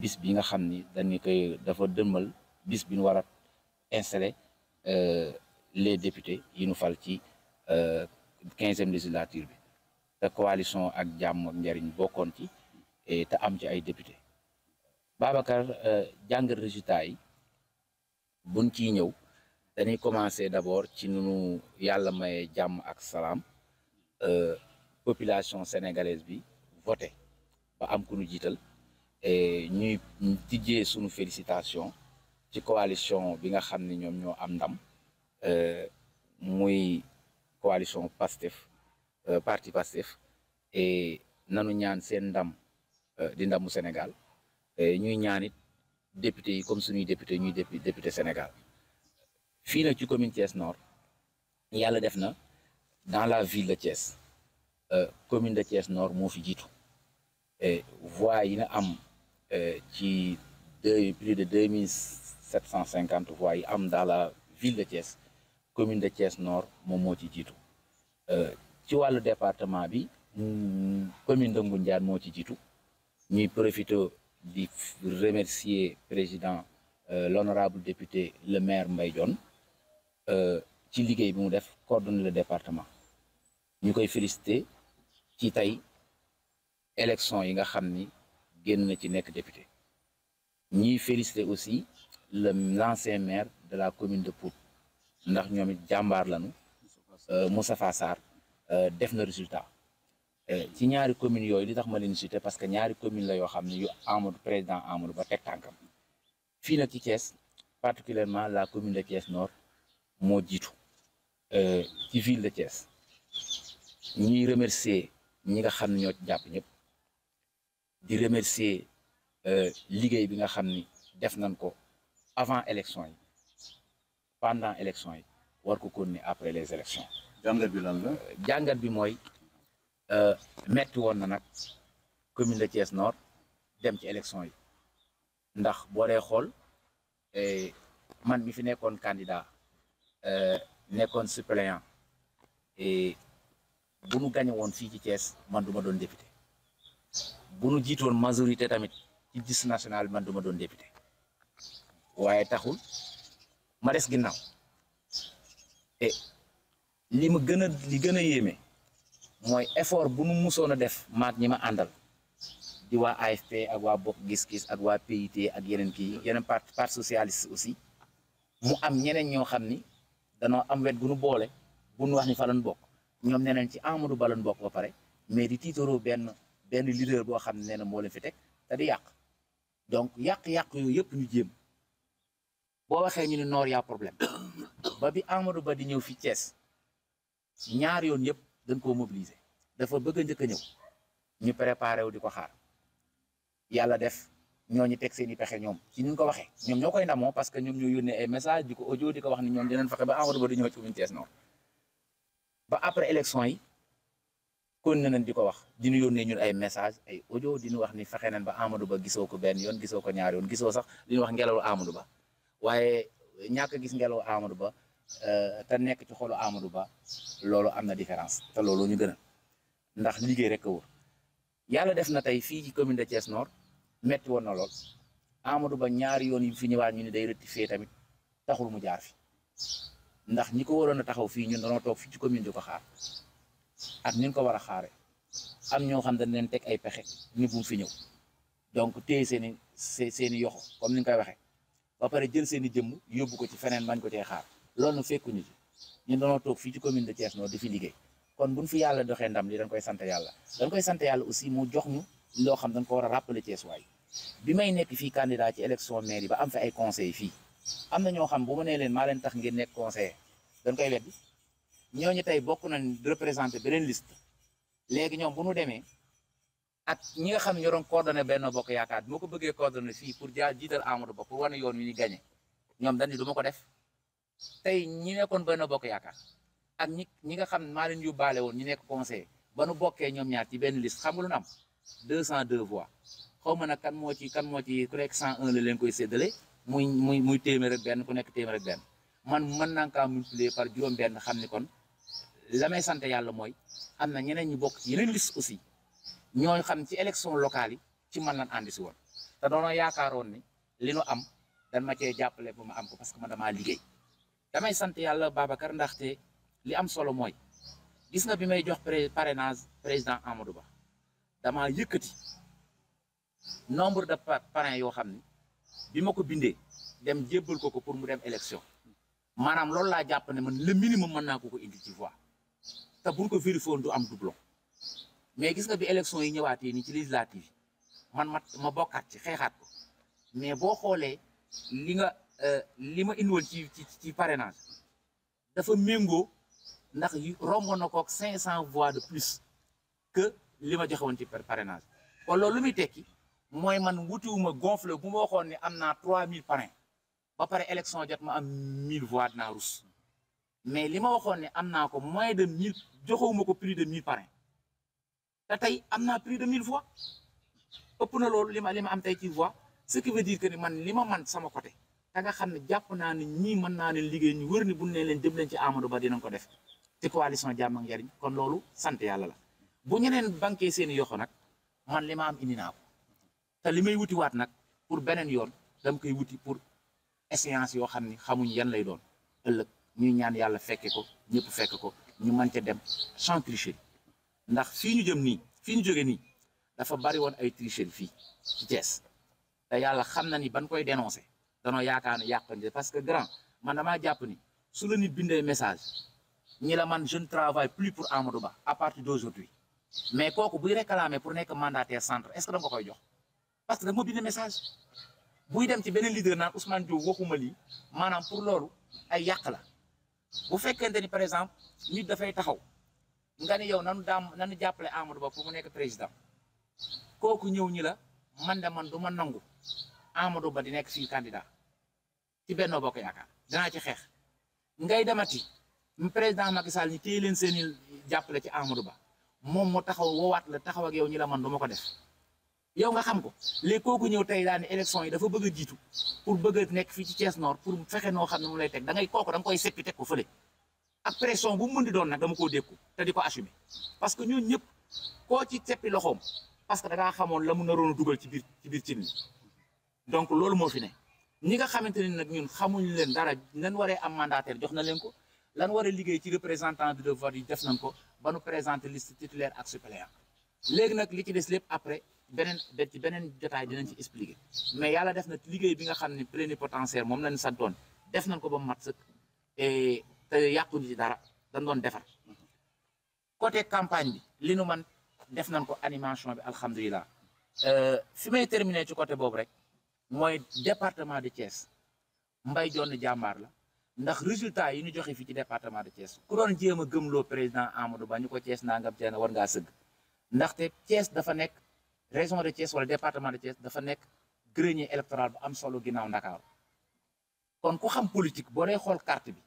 bis bi nga xam ni dañu koy dafa dëmmal bis bi ñu war a installer euh, les députés yi ñu fal ci euh, quinzième législature bi te coalition ak jàmm ak njariñ bokkoon ci te am ci ay député Babacar euh, jàngat résultat yi buñ ciy ñëw dañuy commencer d'abord ci nu yàlla maye jàmm ak salaam population sénégalaise bi voté ba am ku jiital ñuy tijjee sunu félicitation ci coalition bi nga xam ne ñoom ñoo am ndam euh, muy coalition Pastef euh, parti Pastef et nanu ñaan seen ndam euh, di ndamu Sénégal ñuy ñaan it député yi comme suñuy député ñuy député Sénégal fii nag ci commune Thiès Nord yàlla def na dans la ville de Thiès commune de Thiès Nord moo fi jiitu voix yi na am Euh, ci deux plus de deux mille sept cent cinquante voies yi am dans la ville de Thiès commune de Thiès Nord moom moo ci jiitu euh, ci wàllu département bi mm, commune de Ngoundiane moo ci jiitu ñuy profité di remercier président euh, l'honorable député le maire Mbaye Dione ci liggéey bi def coordonner le département ñu koy félicité ci tey élection yi nga xam ni génn na ci nekk député ñiy félicité aussi le l'ancien maire de la commune de pour ndax ñoom it jàmbaar lañu euh, Moustapha Sarr euh, def na résultat euh, ci ñaari communes yooyu li ndax ma leen cité parce que ñaari commune la yoo xam ne yu Amadou président Amadou Ba teg tànkam fii nag ci Thiès particulièrement la commune de Thiès Nord moo jiitu ci ville de Thiès ñuy remercier ñi nga xam ne ñoo jàpp ñëpp di remercier euh, liggéey bi nga xam ni def nañ ko avant élection yi pendant élection yi war ko continuer après les élections jàngat bi lan la euh, jàngat bi mooy euh, metti woon na nag commune de Thiès Nord dem ci élection yi ndax boo dee xool eh, man mi fi nekkoon candidat nekkoon suppléant et bu nu gañe woon fii ci Thiès man du ma doon député bu nu jiitoon majorité tamit ci gis national man du ma doon député waaye taxul ma des ginnaaw et li ma gën a li gën a yéeme mooy effort bu nu musoon a def maat ñi ma àndal di waa AFP ak waa Bokk Gis-Gis ak waa PIT ak yeneen kii yeneen parti parti socialiste aussi mu am ñeneen ñoo xam ni danoo am wet gu boole bu wax ni fa bokk ñoom neneen ci Amadou Ba bokk ba pare mais di tiitaroo benn. benn leader boo xam ne na moo leen fi teg te di yàq donc yàq-yàq yooyu yëpp ñu jéem boo waxee ñu ne noor yaa problème ba bi Amadou Ba di ñëw fi cees ñaar yoon yëpp dañ koo mobiliser dafa bëgg a njëkk a ñëw ñu préparé wu di ko xaar yàlla def ñooñu teg seen i pexe ñoom ci ñu ko waxee ñoom ñoo koy ndamoo parce que ñoom ñoo yónnee ay message di ko audio di ko wax ni ñoom dinañ fexe ba Amadou Ba ba après élection yi kon ne nañ di ko wax di yoon ne ñun ay message ay audio di ñu wax ni fexe nañ ba Amadou Ba gisoo ko benn yoon gisoo ko ñaar yoon gisoo sax li ñu wax ngelawu Amadou Ba waaye ñàkk gis ngelawu Amadou Ba euh, te nekk ci xolu Amadou Ba loolu am na différence te loolu ñu gën ndax liggéey rek a wóor yàlla def na tey fii ci commune de Thiès noor metti woon na lool Amadou Ba ñaari yoon yi fi ñëwaat ñu ne day rectifier tamit taxul mu jaar fi ndax ñi ko waroon a taxaw fii ñun danoo fii ci commune di ko xaar. ak ñu ko war a xaare am ñoo xam dañ leen teg ay pexe ñu bu fi ñëw donc téye seen i seen i yoxo comme ni nga koy waxee ba pare jël seen i jëmm yóbbu ko ci feneen bañ ko cee xaar lool nu fekkuñu ñu ñu dañoo toog fii ci commune de Thiès Nord di fi liggéey kon buñ fi yàlla doxee ndam li dañ koy sant yàlla dañ koy sant yàlla aussi mu jox ñu loo xam dañ ko war a rappeler Thiès waay bi may nekk fii candidat ci élection mairie ba am fi ay conseil fii am na ñoo xam bu nekk conseiller ñooñu tey bokk nañ représenté beneen liste léegi ñoom bu nu demee ak ñi nga xam ne ñoo doon coordonné benn bokk yaakaar bi ko bëggee coordonné fii pour jaar jiital Amadou Ba pour wane yoon wi ñu gagné ñoom dañ duma ko def tey ñi nekkoon benn bokk yaakaar ak ñi ñi nga xam ne maa leen yóbbaale woon ñu nekk conseil ba nu bokkee ñoom ñaar ci benn liste xamul nga lu nu am 202 voix xaw ma kan moo ci kan moo ci ku nekk 101 la leen koy séddale muy muy muy téeméer benn ku nekk téeméer benn man mën naa kaa multiplier par xam ni kon. la may sant yàlla mooy am na ñeneen ñu bokk ci yeneen aussi ñoo xam ci élection locale yi ci man lan àndi si woon te doonoo yaakaaroon ni li nu am dan ma jàppale ba ma am ko parce que ma damaa liggéey damay sant yàlla Babacar ndaxte li am solo mooy gis nga bi may jox parrainage président Amadou Ba damaa yëkkati nombre de parent yoo xam ni bi ma ko bindee dem jébbal ko ko pour mu dem élection maanaam loolu laa jàpp ne man le minimum mën naa ko ko indi ci voix te buñ ko vérifié woon du am doublon mais gis nga bi élection yi ñëwaatee nii ci législative yi man ma ma bokkaat ci xeexaat ko mais boo xoolee li nga euh, li ma indiwoon ci ci ci parrainage dafa méngoo ndax romb na cinq 500 vois de plus que li ma joxe ci parrainage kon loolu lu muy tekki mooy man wutiwuma gonfle bu ma waxoon ne am naa 3000 parrain ba pare élection jot ma am 1000 voix dinaa rus mais li ma waxoon ne am naa ko moins de 1000 joxewuma ko plus de mille parrains te tey am naa pris de mille fois ëpp na loolu li ma li ma am tey ci voix ce qui veut dire que ni man li ma man sama côté te nga xam ne jàpp naa ne ñii mën naa leen liggéey ñu wër ni buñ nee leen jëm leen ci Amadou Ba dina ko def ci coalition jàmm ak njariñ kon loolu sant yàlla la bu ñeneen banqué seen i yoxo nag man li ma am indi naa ko te li may wutiwaat nag pour beneen yoon dama koy wuti pour échéance yoo xam ni xamuñ yan lay doon ëllëg ñuy ñaan yàlla fekke ko ñëpp fekk ko ñu mën cee dem sans tricher ndax fii ñu jëm nii fii ñu jóge nii dafa bari woon ay tricherie fii ci Thiès te yàlla xam na ni ban koy dénoncer danoo yaakaar ne yàqandi parce que grand man damaa jàpp ni su la nit bindee message ñi la man je ne travaille plus pour Amadou Ba à partir d'aujourd'hui mais kooku buy réclamer pour nekk mandataire centre est-ce koy jox parce que da nga bind message buy dem ci beneen leader naan Ousmane Diop waxuma lii maanaam pour loolu ay yàq la. bu fekkente ni par exemple nit dafay taxaw nga ni yow nanu dàmm nanu jàppale Amadou Ba pour mu nekk président kooku ñëw ñi la man de man du ma nangu Amadou Ba di nekk suñu candidat ci Benno Bokk Yaakaar danaa ci xeex ngay demati président Macky saal ñi téye leen seen jàppale ci Amadou Ba moom moo taxaw woowaat la taxaw ak yow ñi la man du ma ko def yow nga xam ko léegi kooku ñëw tey daan ne élection yi dafa bëgg a jiitu pour bëgg a nekk fii ci Thiès noor pour fexe noo xam ne mu lay teg da ngay kooku da koy seppi teg ko fële ak pression bu mu mën di doon nag dama koo dékku te di ko assumer parce que ñun ñëpp koo ci seppi loxoom parce que da xamoon la mu naroon a dugal ci biir ci biir cin donc loolu moo fi ne ñi nga xamante ne nag ñun xamuñu leen dara lan waree am mandataire jox na leen ko lan war a liggéey ci représentant de vote yi def nañ ko ba nu présenter liste titulaire ak suppléant léegi nag li ci des lépp après beneen ci beneen jotaay dinañ ci expliquer mais yàlla def na liggéey bi nga xam ni ne plénipotentiaire moom lañ santoon def nañ ko ba mu mat sëkk et te yàquñu ci dara dañ doon defar côté campagne bi li nu man def nañ ko animation bi alhamdulilah euh, fi may terminer ci côté boobu rek mooy département de Thiès mbay jonn jàmbaar la ndax résultat yi ñu joxe fii ci département de Thiès ku doon jéem a gëmloo président Amadou Ba ñu ko Thiès nangam tee na war ngaa sëgg région de Thiès wala département de Thiès dafa nekk grenier électoral bu am solo ginnaaw Ndakaaru kon ku xam politique boo dee xool carte bi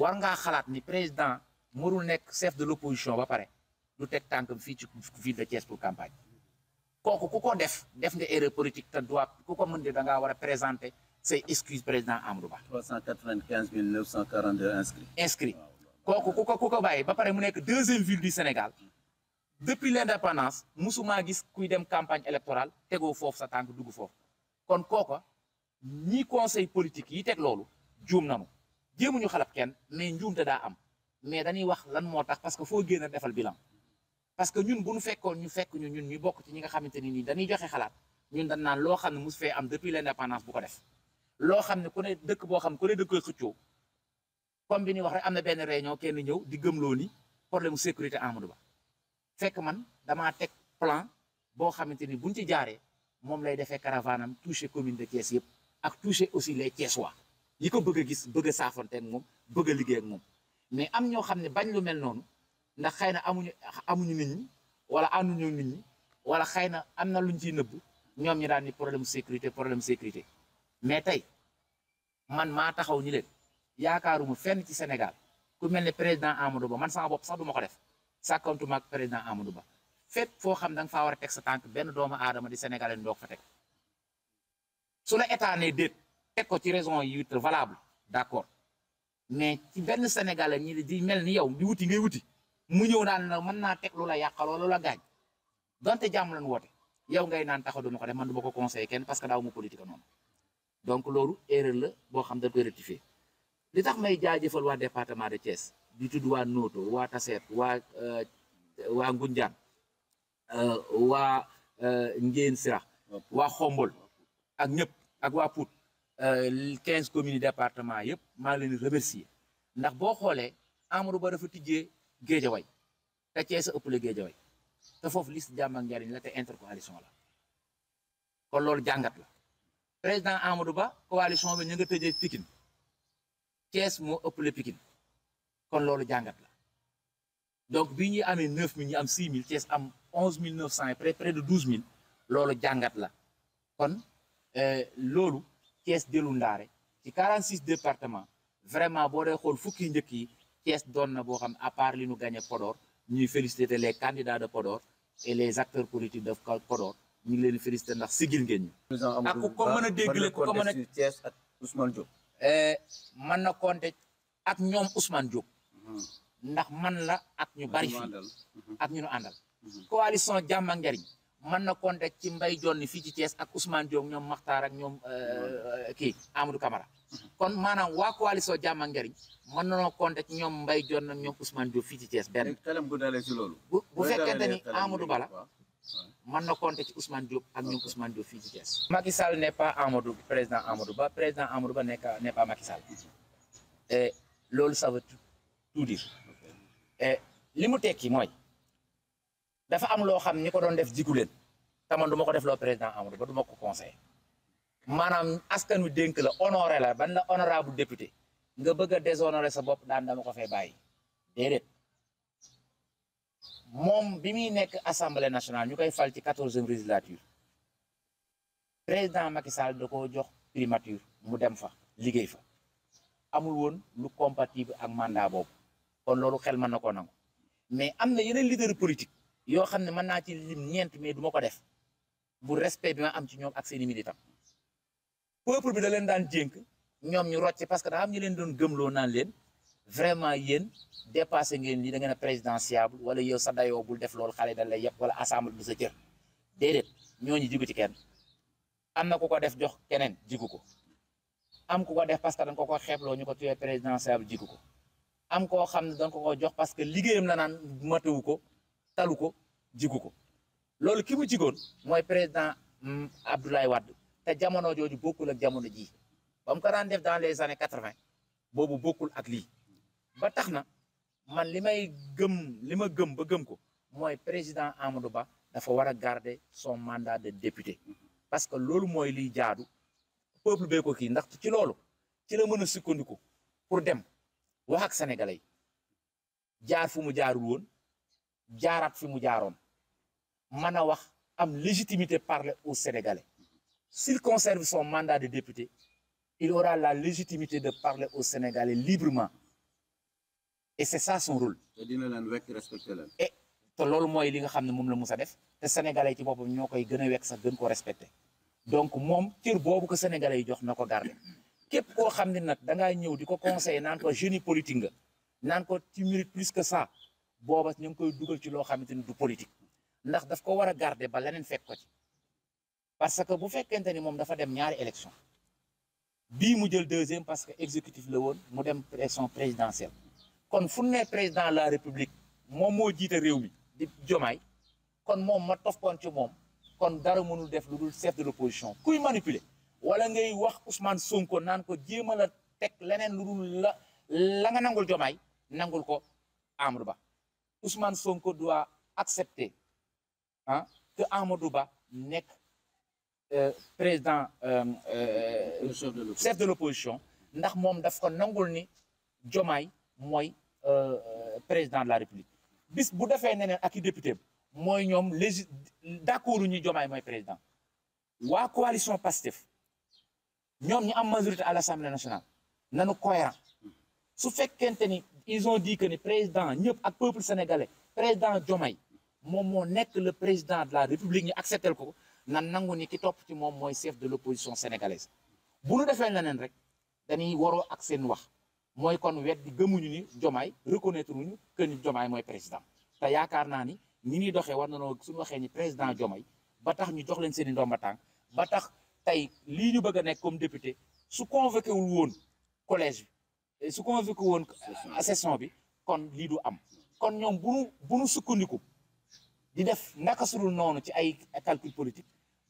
war ngaa xalaat ni président mënul nekk chef de l'opposition ba pare du teg tànkam fii ci ville de Thiès pour campagne kooku ku ko def def nga erreur politique te doit ku ko mën de da ngaa war a présenter say excuse président Amadou Ba. 395 942 inscrits. inscrits kooku ku ko ku ko bàyyi ba pare mu nekk deuxième ville du Sénégal. depuis l'indépendance musumaa gis kuy dem campagne électorale tegoo foofu sa tànk dugg foofu kon kooka ñi conseil politique yi teg loolu juum nanu jéemuñu xalab kenn mais njuumte daa am mais dañuy wax lan moo tax parce que foo génn a defal bilan parce que ñun bu nu fekkoon ñu fekk ñu ñun ñu bokk ci ñi nga xamante ni nii dañuy joxe xalaat ñun dañ naan loo xam ne mus fee am depuis l'indépendance bu ko def loo xam ne ku ne dëkk boo xam ne ku ne dëkk koy xëccoo comme bi ñuy wax am na benn réunion kenn ñëw di gëmloo ni problème mu sécurité Amadou Ba fekk man damaa teg plan boo xamante ni buñ ci jaaree moom lay defee caravane am toucher commune de Thiès yëpp ak toucher aussi lay les waa ñi ko bëgg gis bëgg a saafonte moom bëgg a ak moom mais am ñoo xam ne bañ lu mel noonu ndax xëy na amuñu amuñu nit ñi wala ànduñu nit ñi wala xëy na am na luñ ciy nëbb ñoom ñi daan ni problème sécurité problème sécurité mais tey man maa taxaw ñi leen yaakaaruma fenn ci Sénégal ku mel ne président Amadou Ba man sama bopp sax ma ko def sa sàkkantuma ak président Amadou Ba fépp foo xam da nga faa war a teg sa tànk benn doomu aadama di sénégalais ndoog fa teg su la état ne déet teg ko ci raison yu valable d'accord mais ci benn sénégalais ñi di mel ni yow di wuti ngay wuti mu ñëw naan na mën naa teg lu la yàqaloo lu la gaañ donte jàmm lañ woote yow ngay naan taxa duma ko def man du ma ko conseillé kenn parce que daaw mu politique noonu donc loolu erreur la boo xam dañ koy rectifier li tax may jaajëfal waa département de Thiès di tudd waa Nooto waa Taseet waa eh, waa Ngunjaan eh, waa eh, Njeen Sirax waa Xombol ak ñëpp ak waa Pout quinze communes département yëpp maa ngi leen di remercier ndax boo xoolee Amadou Ba dafa tijjee Géejawaay te Cees a ëppale Géejawaay te foofu liste jàmm ak njariñ la te intercoalition la kon loolu jàngat la président Amadou Ba coalition bi ñu nga tëjee Pikine Cees moo ëppale Pikine kon loolu jàngat la donc bi ñuy amee neuf mille ñu am six mille Thiès am onze mille neuf cent et près près de douze mille loolu jàngat la kon euh, loolu Thiès dellu ndaare ci quarante six departement vraiment boo dee xool fukki njëkk yi Thiès doon na boo xam à part li ñu gagné Podor ñuy féliciter les candidats de Podor et les acteurs politiques de Podor ñu ngi leen di féliciter ndax sigil ngeen ñu. ak ah, ku ko mën a déglu ku ko mën a Thiès ak Ousmane Diop. Euh, mën na compter ak ñoom Ousmane Diop. Mm-hmm. ndax man la ak ñu bari fii mm-hmm. ak ñu nu àndal mm-hmm. coalition jàmm ak man mën na compter ci Mbaye Dione fii ci Thiès ak Ousmane Diop ñoom Makhtar ak ñoom euh, euh, kii Amadou Camara kon maanaam waa coalition jàmm ak njariñ mën nanoo compter ci ñoom Mbaye Dione ak ñoom Ousmane Diop fii ci Thiès benn bu bu fekkente ni Amadou Bala mën na compter ci Ousmane Diop ak ñoom Ousmane Diop fii ci Thiès Macky ne n'est pas Amadou président Amadou Ba président Amadou Ba n'est pas Macky Sall loolu ça veut tout eh, li mu tekki mooy dafa am loo xam ñi ko doon def jigu leen te man du ma ko def loo président Amadou Ba du ma ko conseil maanaam askan wi dénk la honoré la ban la honorable député nga bëgg a déshonoré sa bopp daan dama ko fay bàyyi déedéet moom bi muy nekk assemblée nationale ñu koy fal ci quatorzième législature président Macky Sall da ko jox primature mu dem fa liggéey fa amul woon lu compatible ak mandat boobu kon loolu xel man na koo nangu mais am na yeneen leader politique yoo xam ne mën naa ci lim ñeent mais du ma ko def bu respect bi ma am ci ñoom ak seen i militant peuple bi da leen daan jénk ñoom ñu rocce parce que daa am ñu leen doon gëmloo naan leen vraiment yéen dépassé ngeen lii da ngeen a wala yow sa dayoo bul def loolu xale da lay yëpp wala assemblée du sa cër déedéet ñooñu jigu ci kenn am na ku ko def jox keneen jigu ko am ku ko def parce que dañ ko ko xeebloo ñu ko tuyee présidentiable jigu ko am koo xam ne doon ko jox parce que liggéeyam na naan matawu ko talu ko jigu ko loolu ki mu jigoon mooy président mm, Abdoulaye Wade te jamono jooju bokkul ak jamono ji ba mu ko daan def dans les années quatre-vingt boobu bokkul ak lii ba tax na man li may gëm li ma gëm ba gëm ko mooy président Amadou Ba dafa war a garder son mandat de député parce que loolu mooy liy jaadu peuple bee ko kii ndax ci loolu ci la mën a sukkandiku pour dem wax ak sénégalais jaar fu mu jaarul woon jaaraat fi mu jaaroon mën a wax am légitimité parler aux sénégalais s'il conserve son mandat de député il aura la légitimité de parler au sénégalais librement et c'est ça son rôle. te dina leen loolu mooy li nga xam ne moom la mus a def te sénégalais ci boppam ñoo koy gën a wekk sax gën ko respecté donc moom cër boobu ko sénégalais yi jox na ko garder. képp koo xam ne nag da ñëw di ko conseiller naan ko génie politique nga naan ko ci mérite plus que ça booba ñu ngi koy dugal ci loo xamante ni du politique ndax daf ko war a garder ba leneen fekk ko ci parce que bu fekkente ni moom dafa dem ñaari élection bii mu jël deuxième parce que exécutif la woon mu dem élection présidentielle kon fu ne président la république moom moo jiite réew mi di jomaay kon moom ma tof koon moom kon dara mënul def lu dul chef de l'opposition kuy wala ngay wax Ousmane Sonko naan ko jéem a la teg leneen lu la la nga nangul jomay nangul ko Amadou Ba Ousmane Sonko doit accepter ah que Amadou Ba nekk euh, président euh, euh, chef de l'opposition ndax moom daf ko nangul ni Diomaye mooy président de la République bis bu defee neneen ak i député mooy ñoom légis d' accord ñu Diomaye mooy président waa coalition Pastef ñoom ñi am majorité à l'Assemblée nationale nanu cohérent su fekkente ni ils ont dit que ni président ñëpp ak peuple sénégalais président jomay moom moo nekk le président de la République ñu accepté ko nan nangu ni ki topp ci moom mooy chef de l'opposition sénégalaise bu nu defee leneen rek dañuy waroo ak seen wax mooy kon wet di gëmuñu ni jomay reconnaître uñu que ni Diomaye mooy président te yaakaar naa ni ñi ñuy doxee war na noo suñu waxee ni président Diomaye ba tax ñu jox seen i ndomba tey lii ñu bëgg a nekk comme député su convoqué wul woon collège bi eh, su convoqué woon session bi kon lii du am kon ñoom bu nu bu nu sukkandiku di def naka sudul noonu ci ay calcul politique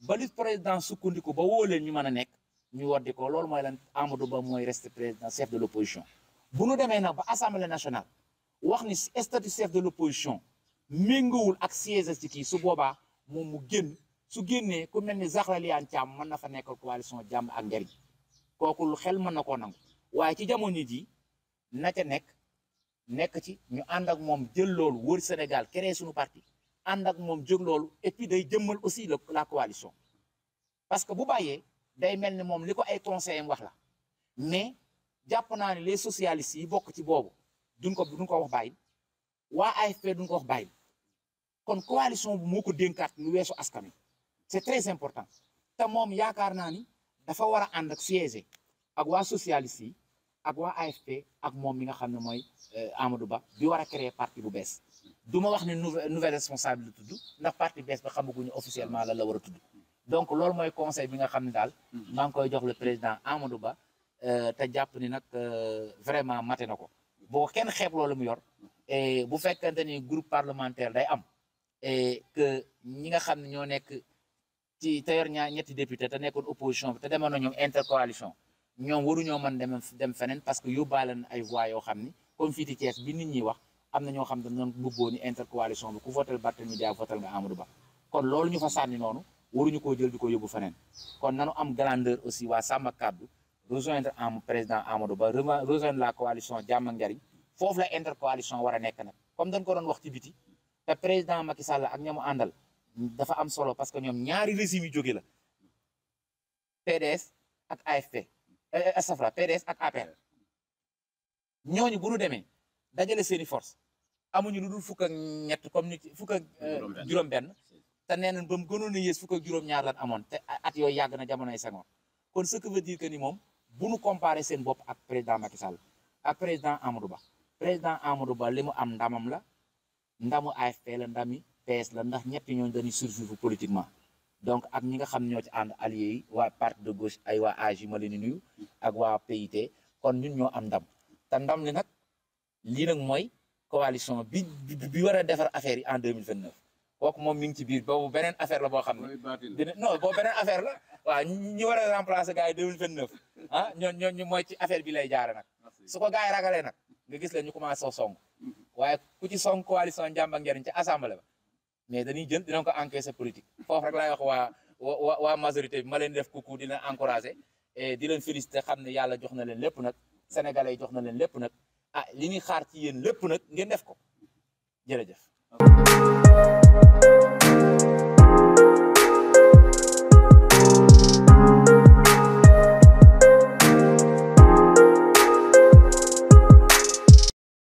ba li président sukkandiku ba woo leen ñu mën a nekk ñu war di ko loolu mooy lan Amadou Ba mooy reste président chef de l' opposition bu nu demee nag ba assemblée nationale wax ni statut chef de l' opposition méngawul ak siège ci kii su boobaa moom mu génn su génnee ku mel ni Zahra Iyane Thiam mën na fa nekkal coalition jàmm ak njariñ kooku lu xel mën na ko nangu waaye ci jamono ji na ca nekk nekk ci ñu ànd ak moom jël loolu wër Sénégal créé suñu parti ànd ak moom jóg loolu et puis day jëmmal aussi la la coalition parce que bu bàyyee day mel ni moom li ko ay conseillers wax la mais jàpp naa ne les socialistes yi bokk ci boobu duñ ko duñ ko wax bàyyi waa AFP duñ ko wax bàyyi kon coalition bu moo ko dénkaat weesu askan wi c'est très important te moom yaakaar naa ni dafa war a ànd ak siège ak waa socialiste yi ak waa AFP ak moom mi nga xam ne mooy euh, Amadou Ba bi war a créer parti bu bees du ma wax ne nouvelle responsable la tudd ndax parti bees ba xamaguñu officiellement la la war a donc loolu mooy conseil bi nga xam ne daal maa ngi koy jox le président Amadou Ba euh, te jàpp ni nag euh, vraiment mate na ko boo kenn xeeb loolu mu yor bu fekkente ni groupe parlementaire day am et nekk ci Tayor ñaar ñetti député te nekkoon opposition bi te demoon na ñoom intercoalition ñoom waruñoo mën dem dem feneen parce que yóbbaale na ay voix xam ni comme fii ci bi nit ñi wax am na ñoo xam ne noonu bëggoon intercoalition bi ku votel Barthélemy Dias nga Amadou Ba kon loolu ñu fa sànni noonu waruñu koo jël di ko yóbbu feneen kon nanu am grandeur aussi waa Sàmm Kàddu rejoindre am président Amadou Ba rejoindre la coalition Jàmm ak Njariñ foofu la a nekk nag comme dafa am solo parce que ñoom ñaari régime yu jóge la PDS ak AFP eh, eh, safra PDS ak APR ñooñu bu ñu demee dajale seeni force amuñu lu dul fukk ñett comme ni fukk ak eh, juróom-benn te nee nañ ba mu gënoon a yées fukk ak juróom-ñaar lan amoon te at yooyu yàgg na jamonoy Senghor kon ce que veut dire que ni moom bu nu comparé seen bopp ak président Macky Sall ak président Amadou Ba président Amadou Ba li mu am ndamam la ndamu AFP la ndami PS la ndax ñett ñooñu dañuy survivre politiquement donc ak ñi nga xam ñoo ci ànd allié yi waa parti de gauche ay waa AJ ma leen di ak waa PIT kon ñun ñoo am ndam te ndam li nag lii nag mooy coalition bi bi war a defar affaire yi en 2029 kooku moom mi ngi ci biir boobu beneen affaire la boo xam ne dina boobu beneen affaire la waaw ñi war a remplacer gars yi 2029 ah ñoo ñooñu mooy ci affaire bi lay jaare nag su ko gars yi ragalee nga gis la ñu commencé song mm-hmm. waaye ku ci song coalition Jàmm ak Njariñ mais dañuy jënd dinañ ko encaisser politique foofu rek laay wax waa waa waa majorité bi ma leen def kuku di leen encourager et di leen féliciter xam ne yàlla jox na leen lépp nag sénégalais jox na leen lépp nag ah li ñuy xaar ci yéen lépp nag ngeen def ko jërëjëf.